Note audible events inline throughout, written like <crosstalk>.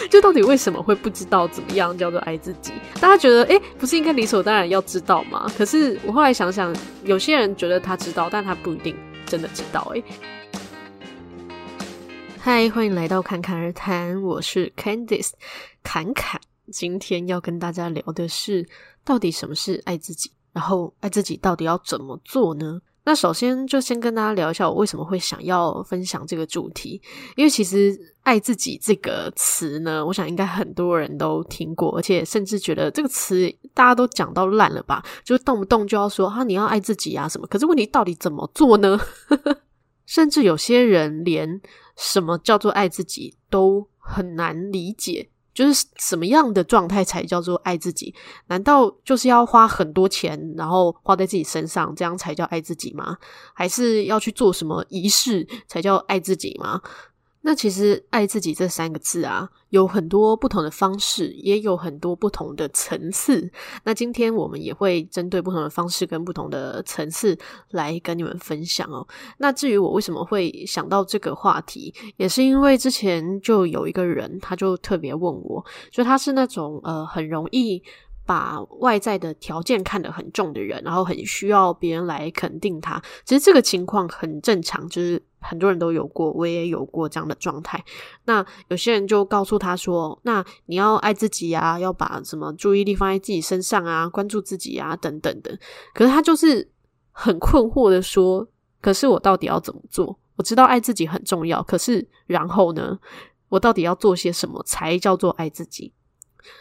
<laughs> 就到底為什麼會不知道怎麼樣叫做愛自己？大家覺得，誒、欸、不是應該理所當然要知道嗎？可是我後來想想，有些人覺得他知道，但他不一定真的知道、欸。誒嗨，歡迎來到侃侃而談，我是 Candice，侃侃。侃侃今天要跟大家聊的是，到底什麼是愛自己？然後愛自己到底要怎麼做呢？那首先就先跟大家聊一下我為什麼會想要分享這個主題，因為其實。愛自己這個詞呢，我想應該很多人都聽過，而且甚至覺得這個詞大家都講到爛了吧？就是動不動就要說啊，你要愛自己啊什麼？可是問題到底怎麼做呢？ <laughs> 甚至有些人連什麼叫做愛自己都很難理解，就是什麼樣的狀態才叫做愛自己？難道就是要花很多錢，然後花在自己身上，這樣才叫愛自己嗎？還是要去做什麼儀式才叫愛自己嗎？那其實“愛自己”這三個字啊，有很多不同的方式，也有很多不同的層次。那今天我們也會針對不同的方式跟不同的層次來跟你們分享哦。那至於我為什麼會想到這個話題，也是因為之前就有一個人，他就特別問我，所以他是那種呃很容易，把外在的條件看得很重的人，然後很需要別人來肯定他。其實這個情況很正常，就是很多人都有過，我也有過這樣的狀態。那有些人就告訴他說：“那你要愛自己啊，要把什麼注意力放在自己身上啊，關注自己啊，等等的。”可是他就是很困惑的說：“可是我到底要怎麼做？我知道愛自己很重要，可是然後呢，我到底要做些什麼才叫做愛自己？”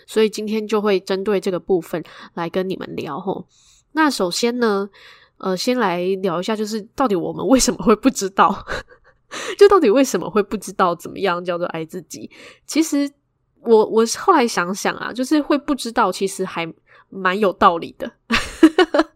所以今天就會針對這個部分來跟你們聊吼。那首先呢，呃，先來聊一下，就是到底我們為什麼會不知道？ <laughs> 就到底為什麼會不知道怎麼樣叫做愛自己？其實我我後來想想啊，就是會不知道，其實還蠻有道理的。 <laughs>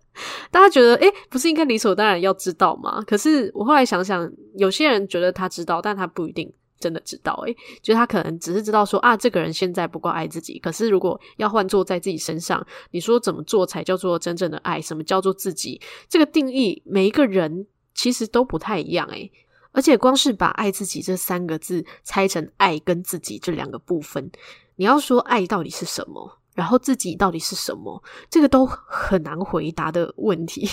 大家覺得，誒、欸，不是應該理所當然要知道嗎？可是我後來想想，有些人覺得他知道，但他不一定。真的知道哎，就是他可能只是知道說，啊，這個人現在不夠愛自己，可是如果要換做在自己身上，你說怎麼做才叫做真正的愛？什麼叫做自己？這個定義，每一個人其實都不太一樣哎。而且光是把“愛自己”這三個字拆成“愛”跟“自己”這兩個部分，你要說“愛”到底是什麼，然後“自己”到底是什麼，這個都很難回答的問題。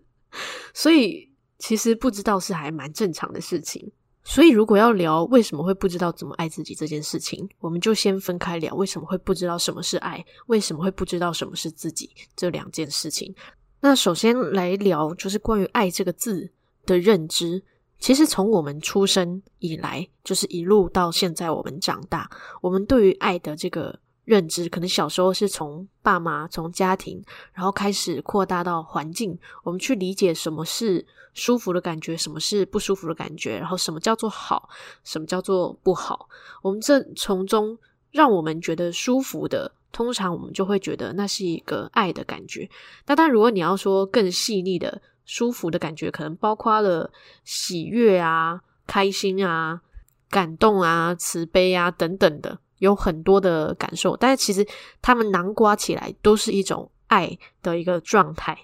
<laughs> 所以其實不知道是還蠻正常的事情。所以，如果要聊為什麼會不知道怎麼愛自己這件事情，我們就先分開聊為什麼會不知道什麼是愛，為什麼會不知道什麼是自己這兩件事情。那首先來聊就是關於“愛”這個字的認知。其實從我們出生以來，就是一路到現在，我們長大，我們對於愛的這個認知，可能小時候是從爸媽、從家庭，然後開始擴大到環境，我們去理解什麼是。舒服的感覺，什麼是不舒服的感覺？然後什麼叫做好，什麼叫做不好？我們這從中讓我們覺得舒服的，通常我們就會覺得那是一個愛的感覺。那但如果你要說更細膩的舒服的感覺，可能包括了喜悅啊、開心啊、感動啊、慈悲啊等等的，有很多的感受。但是其實他們囊括起來都是一種愛的一個狀態。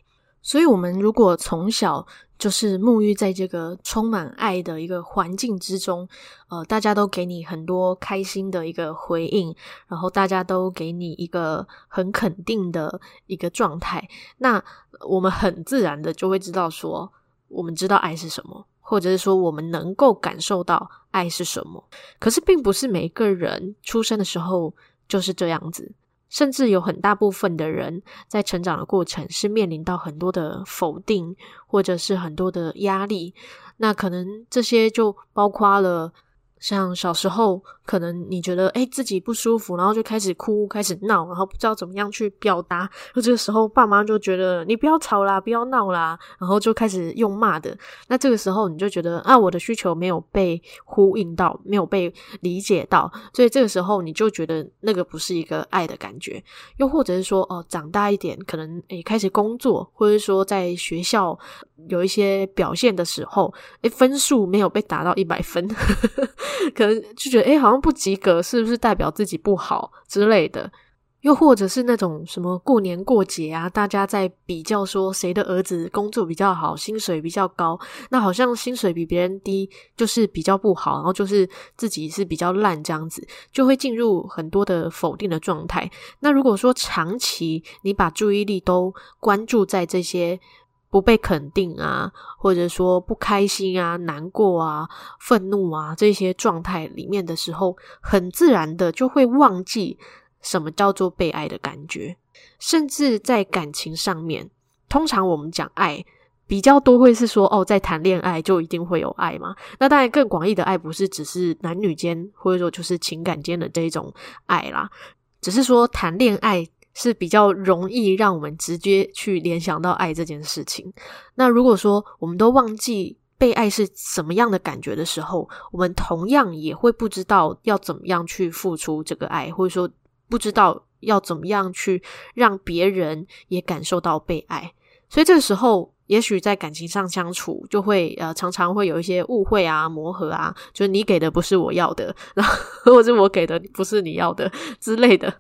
所以，我們如果從小就是沐浴在這個充滿愛的一個環境之中，呃，大家都給你很多開心的一個回應，然後大家都給你一個很肯定的一個狀態，那我們很自然的就會知道說，我們知道愛是什麼，或者是說我們能夠感受到愛是什麼。可是，並不是每個人出生的時候就是這樣子。甚至有很大部分的人在成長的過程是面臨到很多的否定，或者是很多的壓力。那可能這些就包括了像小時候。可能你覺得哎、欸、自己不舒服，然後就開始哭，開始鬧，然後不知道怎麼樣去表達。那這個時候爸媽就覺得你不要吵啦，不要鬧啦，然後就開始用罵的。那這個時候你就覺得啊，我的需求沒有被呼應到，沒有被理解到，所以這個時候你就覺得那個不是一個愛的感覺。又或者是說哦，長大一點，可能哎、欸、開始工作，或者是說在學校有一些表現的時候，哎、欸、分數沒有被達到一百分， <laughs> 可能就覺得哎、欸、好像。不及格是不是代表自己不好之類的？又或者是那種什麼過年過節啊，大家在比較說誰的兒子工作比較好，薪水比較高。那好像薪水比別人低，就是比較不好，然後就是自己是比較爛這樣子，就會進入很多的否定的狀態。那如果說長期你把注意力都關注在這些。不被肯定啊，或者說不開心啊、難過啊、憤怒啊這些狀態裡面的時候，很自然的就會忘記什麼叫做被愛的感覺。甚至在感情上面，通常我們講愛比較多會是說，哦，在談戀愛就一定會有愛嘛。那當然，更廣義的愛不是只是男女間或者說就是情感間的這種愛啦，只是說談戀愛。是比較容易讓我們直接去聯想到愛這件事情。那如果說我們都忘記被愛是什麼樣的感覺的時候，我們同樣也會不知道要怎麼樣去付出這個愛，或者說不知道要怎麼樣去讓別人也感受到被愛。所以這個時候，也許在感情上相處就會，呃，常常會有一些誤會啊、磨合啊，就是你給的不是我要的，然後或者是我給的不是你要的之類的。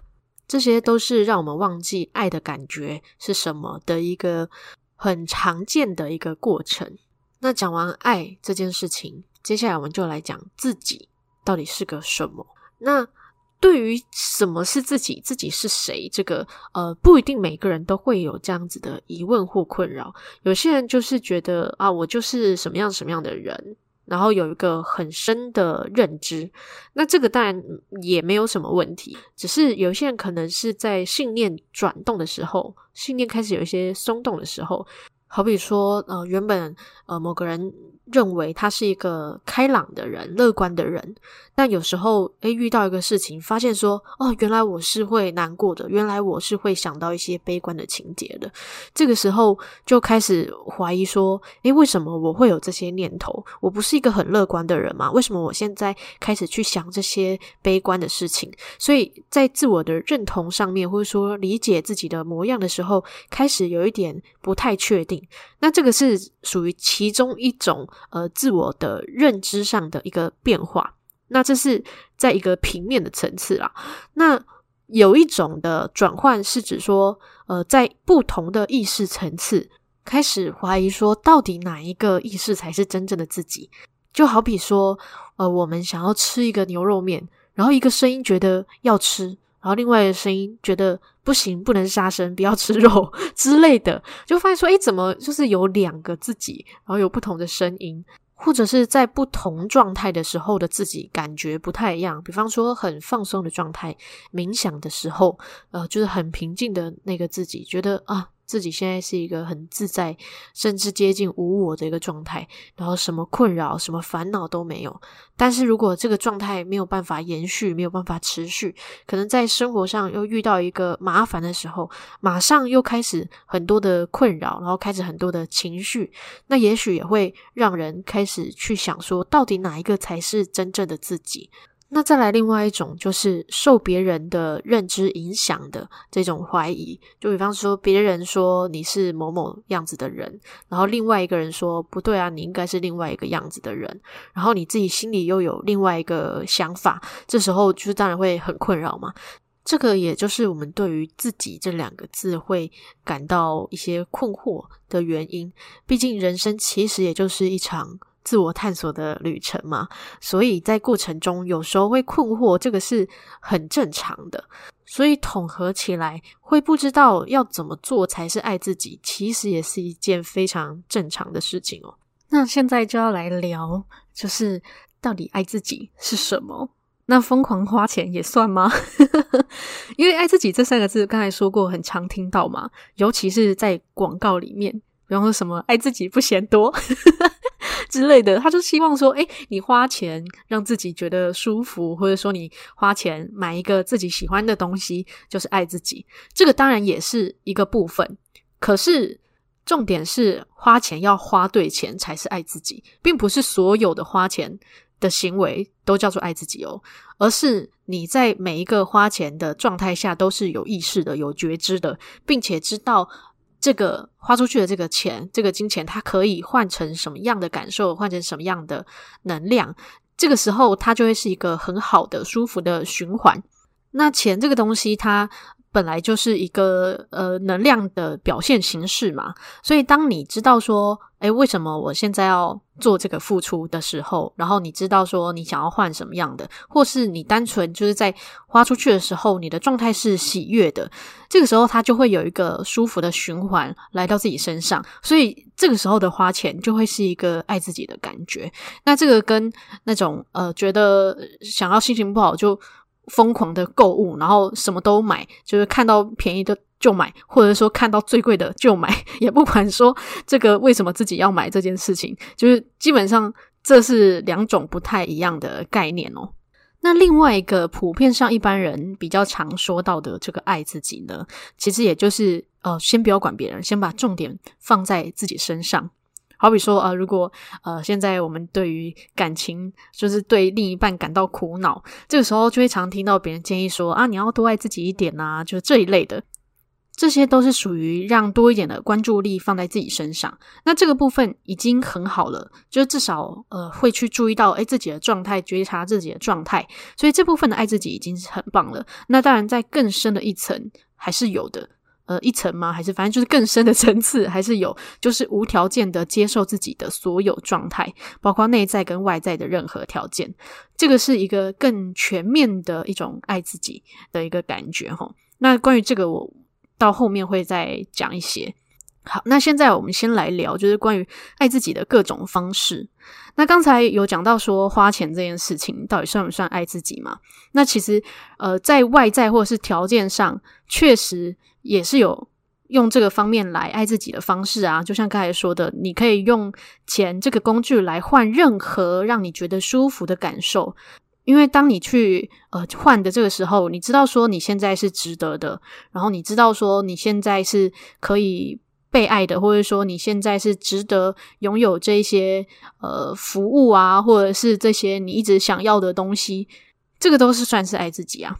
這些都是讓我們忘記愛的感覺是什麼的一個很常見的一個過程。那講完愛這件事情，接下來我們就來講自己到底是個什麼。那對於什麼是自己，自己是誰，這個呃，不一定每個人都會有這樣子的疑問或困擾。有些人就是覺得啊，我就是什麼樣什麼樣的人。然後有一個很深的認知，那這個當然也沒有什麼問題，只是有些人可能是在信念轉動的時候，信念開始有一些鬆動的時候，好比說呃原本呃某個人。認為他是一個開朗的人、樂觀的人，但有時候，誒，遇到一個事情，發現說，哦，原來我是會難過的，原來我是會想到一些悲觀的情節的。這個時候就開始懷疑說，誒，為什麼我會有這些念頭？我不是一個很樂觀的人嘛，為什麼我現在開始去想這些悲觀的事情？所以在自我的認同上面，或者說理解自己的模樣的時候，開始有一點不太確定。那這個是屬於其中一種。呃，自我的認知上的一個變化，那這是在一個平面的層次啦。那有一種的轉換是指說，呃，在不同的意識層次開始懷疑說，到底哪一個意識才是真正的自己？就好比說，呃，我們想要吃一個牛肉麵，然後一個聲音覺得要吃，然後另外一個聲音覺得。不行，不能殺生，不要吃肉之類的，就發現說，哎、欸，怎麼就是有兩個自己，然後有不同的聲音，或者是在不同狀態的時候的自己感覺不太一樣。比方說，很放鬆的狀態、冥想的時候，呃，就是很平靜的那個自己，覺得啊。呃自己現在是一個很自在，甚至接近無我的一個狀態，然後什麼困擾、什麼煩惱都沒有。但是如果這個狀態沒有辦法延續、沒有辦法持續，可能在生活上又遇到一個麻煩的時候，馬上又開始很多的困擾，然後開始很多的情緒，那也許也會讓人開始去想說，到底哪一個才是真正的自己？那再來另外一種，就是受別人的認知影響的這種懷疑，就比方說別人說你是某某樣子的人，然後另外一個人說不對啊，你應該是另外一個樣子的人，然後你自己心裡又有另外一個想法，這時候就當然會很困擾嘛。這個也就是我們對於自己這兩個字會感到一些困惑的原因，畢竟人生其實也就是一場，自我探索的旅程嘛，所以在過程中有時候會困惑，這個是很正常的。所以統合起來會不知道要怎麼做才是愛自己，其實也是一件非常正常的事情哦。那現在就要來聊，就是到底愛自己是什麼？那瘋狂花錢也算嗎？ <laughs> 因為愛自己這三個字，剛才說過很常聽到嘛，尤其是在廣告裡面，比方說什麼愛自己不嫌多。 <laughs> 之類的，他就希望說，哎、欸，你花錢讓自己覺得舒服，或者說你花錢買一個自己喜歡的東西，就是愛自己。這個當然也是一個部分，可是重點是花錢要花對錢才是愛自己，並不是所有的花錢的行為都叫做愛自己哦，而是你在每一個花錢的狀態下都是有意識的、有覺知的，並且知道。這個花出去的這個錢，這個金錢，它可以換成什麼樣的感受，換成什麼樣的能量？這個時候，它就會是一個很好的舒服的循環。那錢這個東西，它本來就是一個呃能量的表現形式嘛，所以當你知道說，哎，為什麼我現在要做這個付出的時候，然後你知道說你想要換什麼樣的，或是你單純就是在花出去的時候，你的狀態是喜悅的，這個時候它就會有一個舒服的循環來到自己身上，所以這個時候的花錢就會是一個愛自己的感覺。那這個跟那種呃，覺得想要心情不好就。瘋狂的購物，然後什麼都買，就是看到便宜的就買，或者說看到最貴的就買，也不管說這個為什麼自己要買這件事情，就是基本上這是兩種不太一樣的概念哦。那另外一個普遍上一般人比較常說到的這個愛自己呢，其實也就是呃，先不要管別人，先把重點放在自己身上。好比說啊、呃，如果呃，現在我們對於感情，就是對另一半感到苦惱，這個時候就會常聽到別人建議說啊，你要多愛自己一點吶、啊，就這一類的，這些都是屬於讓多一點的關注力放在自己身上。那這個部分已經很好了，就至少呃會去注意到哎自己的狀態，覺察自己的狀態，所以這部分的愛自己已經很棒了。那當然，在更深的一層還是有的。呃，一層嗎？還是反正就是更深的層次？還是有就是無條件的接受自己的所有狀態，包括內在跟外在的任何條件。這個是一個更全面的一種愛自己的一個感覺吼。那關於這個，我到後面會再講一些。好，那現在我們先來聊，就是關於愛自己的各種方式。那剛才有講到說，花錢這件事情到底算不算愛自己嘛？那其實，呃，在外在或者是條件上，確實。也是有用這個方面來愛自己的方式啊，就像剛才說的，你可以用錢這個工具來換任何讓你覺得舒服的感受，因為當你去呃換的這個時候，你知道說你現在是值得的，然後你知道說你現在是可以被愛的，或者說你現在是值得擁有這些呃服務啊，或者是這些你一直想要的東西，這個都是算是愛自己啊。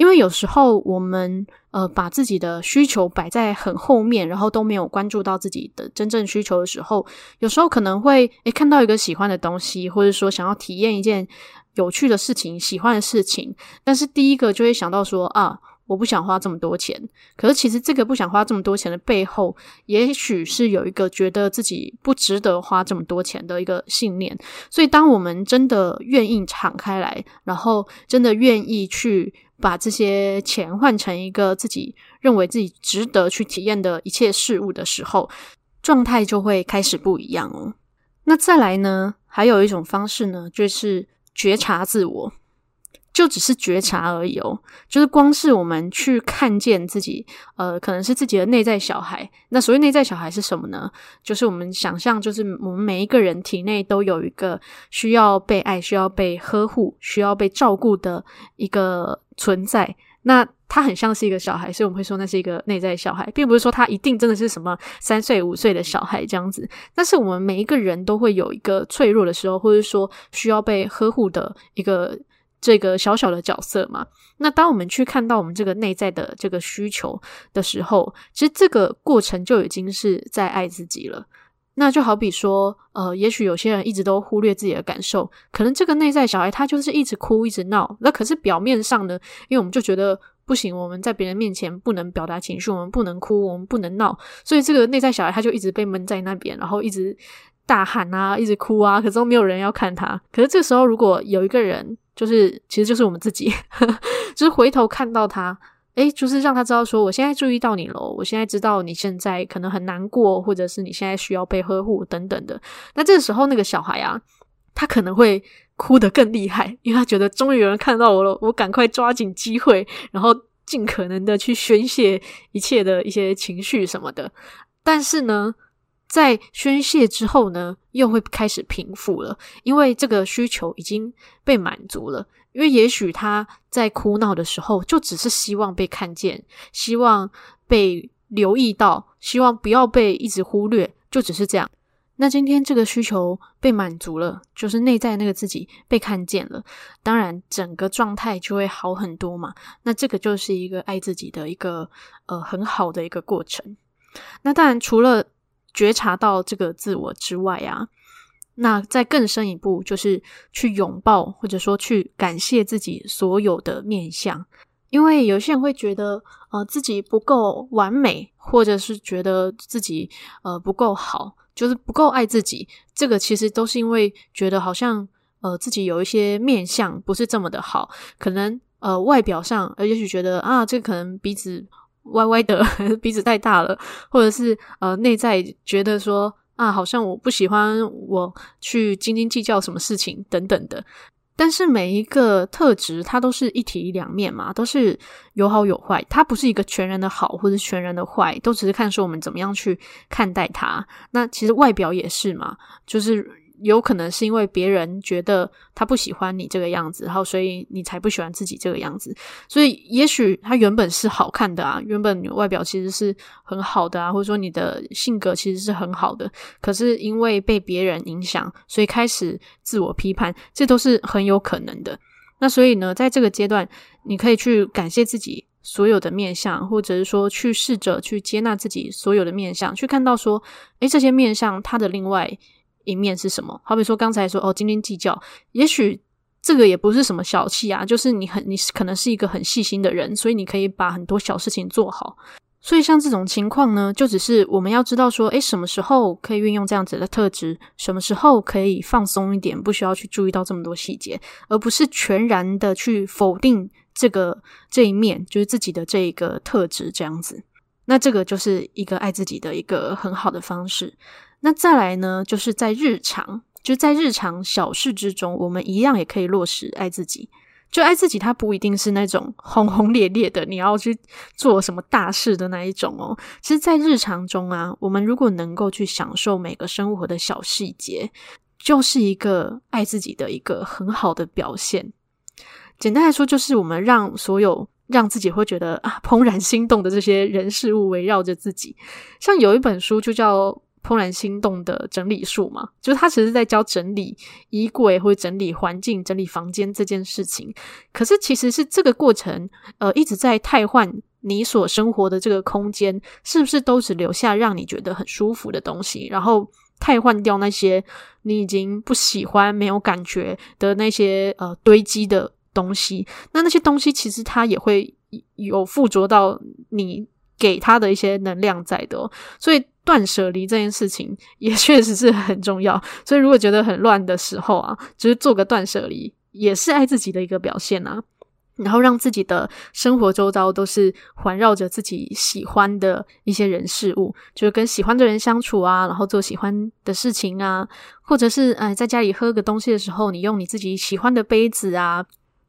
因為有時候我們呃把自己的需求擺在很後面，然後都沒有關注到自己的真正需求的時候，有時候可能會誒，看到一個喜歡的東西，或者說想要體驗一件有趣的事情、喜歡的事情，但是第一個就會想到說啊，我不想花這麼多錢。可是其實這個不想花這麼多錢的背後，也許是有一個覺得自己不值得花這麼多錢的一個信念。所以當我們真的願意敞開來，然後真的願意去把這些錢換成一個自己認為自己值得去體驗的一切事物的時候，狀態就會開始不一樣哦，那再來呢，還有一種方式呢，就是覺察自我。就只是覺察而已哦，就是光是我們去看見自己，呃，可能是自己的內在小孩。那所謂內在小孩是什麼呢？就是我們想象，就是我們每一個人體內都有一個需要被愛、需要被呵護、需要被照顧的一個存在。那他很像是一個小孩，所以我們會說那是一個內在小孩，並不是說他一定真的是什麼三歲、五歲的小孩這樣子。但是我們每一個人都會有一個脆弱的時候，或者說需要被呵護的一個。這個小小的角色嘛，那當我們去看到我們這個內在的這個需求的時候，其實這個過程就已經是在愛自己了。那就好比說，呃，也許有些人一直都忽略自己的感受，可能這個內在小孩他就是一直哭一直鬧，那可是表面上呢，因為我們就覺得不行，我們在別人面前不能表達情緒，我們不能哭，我們不能鬧，所以這個內在小孩他就一直被悶在那邊，然後一直大喊啊，一直哭啊，可是都沒有人要看他。可是這個時候如果有一個人，就是，其實就是我們自己，呵呵，就是回頭看到他，誒，就是讓他知道說，我現在注意到你了，我現在知道你現在可能很難過，或者是你現在需要被呵護等等的。那這個時候那個小孩啊，他可能會哭得更厲害，因為他覺得終於有人看到我了，我趕快抓緊機會，然後盡可能的去宣洩一切的一些情緒什麼的。但是呢，在宣洩之後呢，又會開始平復了，因為這個需求已經被滿足了。因為也許他在哭鬧的時候，就只是希望被看見，希望被留意到，希望不要被一直忽略，就只是這樣。那今天這個需求被滿足了，就是內在那個自己被看見了，當然整個狀態就會好很多嘛。那這個就是一個愛自己的一個，呃，很好的一個過程。那當然除了。覺察到這個自我之外啊，那再更深一步，就是去擁抱或者說去感謝自己所有的面向，因為有些人會覺得呃自己不夠完美，或者是覺得自己呃不夠好，就是不夠愛自己。這個其實都是因為覺得好像呃自己有一些面向不是這麼的好，可能呃外表上而也許覺得啊，這個，可能鼻子。歪歪的鼻子太大了，或者是呃，內在覺得說啊，好像我不喜歡我去斤斤計較什麼事情等等的。但是每一個特質，它都是一體兩面嘛，都是有好有壞，它不是一個全然的好或者全然的壞，都只是看說我們怎麼樣去看待它。那其實外表也是嘛，就是。有可能是因為別人覺得他不喜歡你這個樣子，然後所以你才不喜歡自己這個樣子。所以也許他原本是好看的啊，原本外表其實是很好的啊，或者說你的性格其實是很好的，可是因為被別人影響，所以開始自我批判，這都是很有可能的。那所以呢，在這個階段，你可以去感謝自己所有的面向，或者是說去試着去接納自己所有的面向，去看到說，誒，這些面向它的另外。一面是什麼？好比說，剛才說哦斤斤計較，也許這個也不是什麼小氣啊，就是你很，你是可能是一個很細心的人，所以你可以把很多小事情做好。所以像這種情況呢，就只是我們要知道說，哎、欸，什麼時候可以運用這樣子的特質，什麼時候可以放鬆一點，不需要去注意到這麼多細節，而不是全然的去否定這個這一面，就是自己的這一個特質這樣子。那這個就是一個愛自己的一個很好的方式。那再來呢，就是在日常，就在日常小事之中，我們一樣也可以落實愛自己。就愛自己，它不一定是那種轟轟烈烈的，你要去做什麼大事的那一種哦。其實，在日常中啊，我們如果能夠去享受每個生活的小細節，就是一個愛自己的一個很好的表現。簡單來說，就是我們讓所有，讓自己會覺得啊，怦然心動的這些人事物圍繞着自己。像有一本書就叫《怦然心動的整理術》嘛，就是它只是在教整理衣櫃或者整理環境、整理房間這件事情。可是其實是這個過程，呃，一直在汰換你所生活的這個空間，是不是都只留下讓你覺得很舒服的東西，然後汰換掉那些你已經不喜歡、沒有感覺的那些呃堆積的。東西，那那些東西其實它也會有附着到你給它的一些能量在的哦，所以斷舍離這件事情也確實是很重要。所以如果覺得很亂的時候啊，就是做個斷舍離，也是愛自己的一個表現啊。然後讓自己的生活周遭都是環繞着自己喜歡的一些人事物，就是跟喜歡的人相處啊，然後做喜歡的事情啊，或者是，呃，在家裡喝個東西的時候，你用你自己喜歡的杯子啊。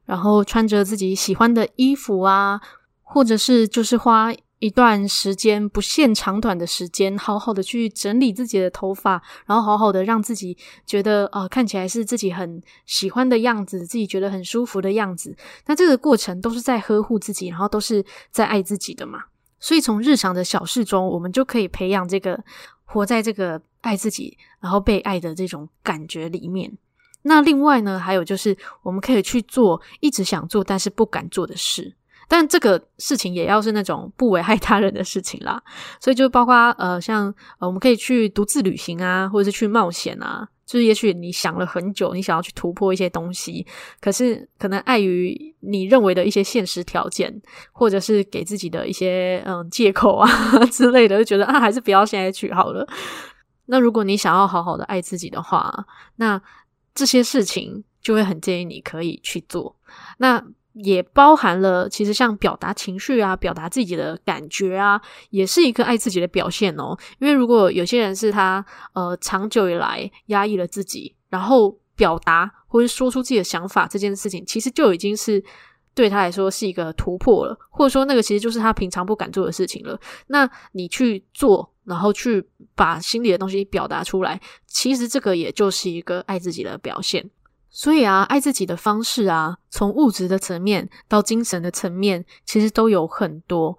然後穿着自己喜歡的衣服啊，或者是就是花一段時間，不限長短的時間，好好的去整理自己的頭髮，然後好好的讓自己覺得啊、呃、看起來是自己很喜歡的樣子，自己覺得很舒服的樣子。那這個過程都是在呵護自己，然後都是在愛自己的嘛。所以從日常的小事中，我們就可以培養這個活在這個愛自己，然後被愛的這種感覺裡面。那另外呢，還有就是我們可以去做一直想做但是不敢做的事，但這個事情也要是那種不危害他人的事情啦。所以就包括呃，像呃，我們可以去獨自旅行啊，或者是去冒險啊。就是也許你想了很久，你想要去突破一些東西，可是可能礙於你認為的一些現實條件，或者是給自己的一些嗯，借口啊之類的，就覺得啊，還是不要現在去好了。那如果你想要好好的愛自己的話，那。這些事情就會很建議你可以去做，那也包含了其實像表達情緒啊、表達自己的感覺啊，也是一個愛自己的表現哦。因為如果有些人是他呃長久以來壓抑了自己，然後表達或者說出自己的想法這件事情，其實就已經是。對他來說是一個突破了，或者說那個其實就是他平常不敢做的事情了。那你去做，然後去把心裡的東西表達出來，其實這個也就是一個愛自己的表現。所以啊，愛自己的方式啊，從物質的層面到精神的層面，其實都有很多。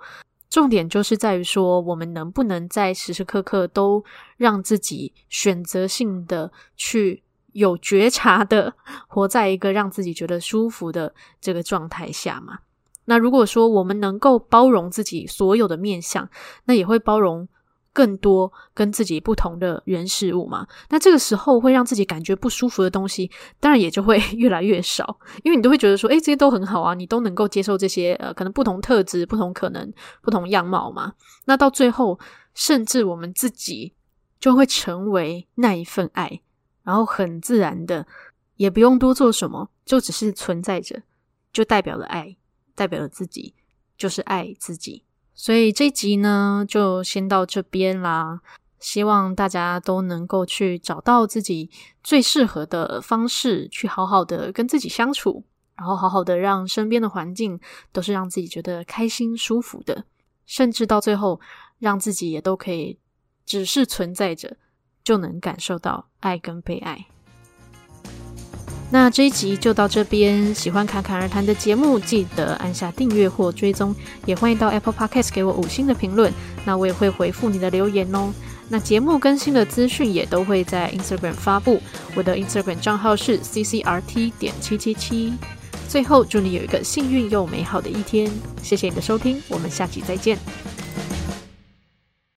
重點就是在於說，我們能不能在時時刻刻都讓自己選擇性的去。有覺察的活在一個讓自己覺得舒服的這個狀態下嘛？那如果說我們能夠包容自己所有的面向，那也會包容更多跟自己不同的人事物嘛？那這個時候會讓自己感覺不舒服的東西，當然也就會越來越少，因為你都會覺得說，哎，這些都很好啊，你都能夠接受這些呃，可能不同特質、不同可能、不同樣貌嘛？那到最後，甚至我們自己就會成為那一份愛。然後很自然的，也不用多做什麼，就只是存在着，就代表了愛，代表了自己，就是愛自己。所以這集呢，就先到這邊啦。希望大家都能夠去找到自己最適合的方式，去好好的跟自己相處，然後好好的讓身邊的環境都是讓自己覺得開心、舒服的，甚至到最後，讓自己也都可以只是存在着，就能感受到愛跟被愛。 <noise> 那這一集就到這邊，喜歡侃侃而談的節目，記得按下訂閱或追蹤，也歡迎到 Apple Podcast 給我五星的評論，那我也會回復你的留言哦。那節目更新的資訊也都會在 Instagram 發布，我的 Instagram 賬號是 ccrt 點七七七。最後，祝你有一個幸運又美好的一天，謝謝你的收聽，我們下集再見。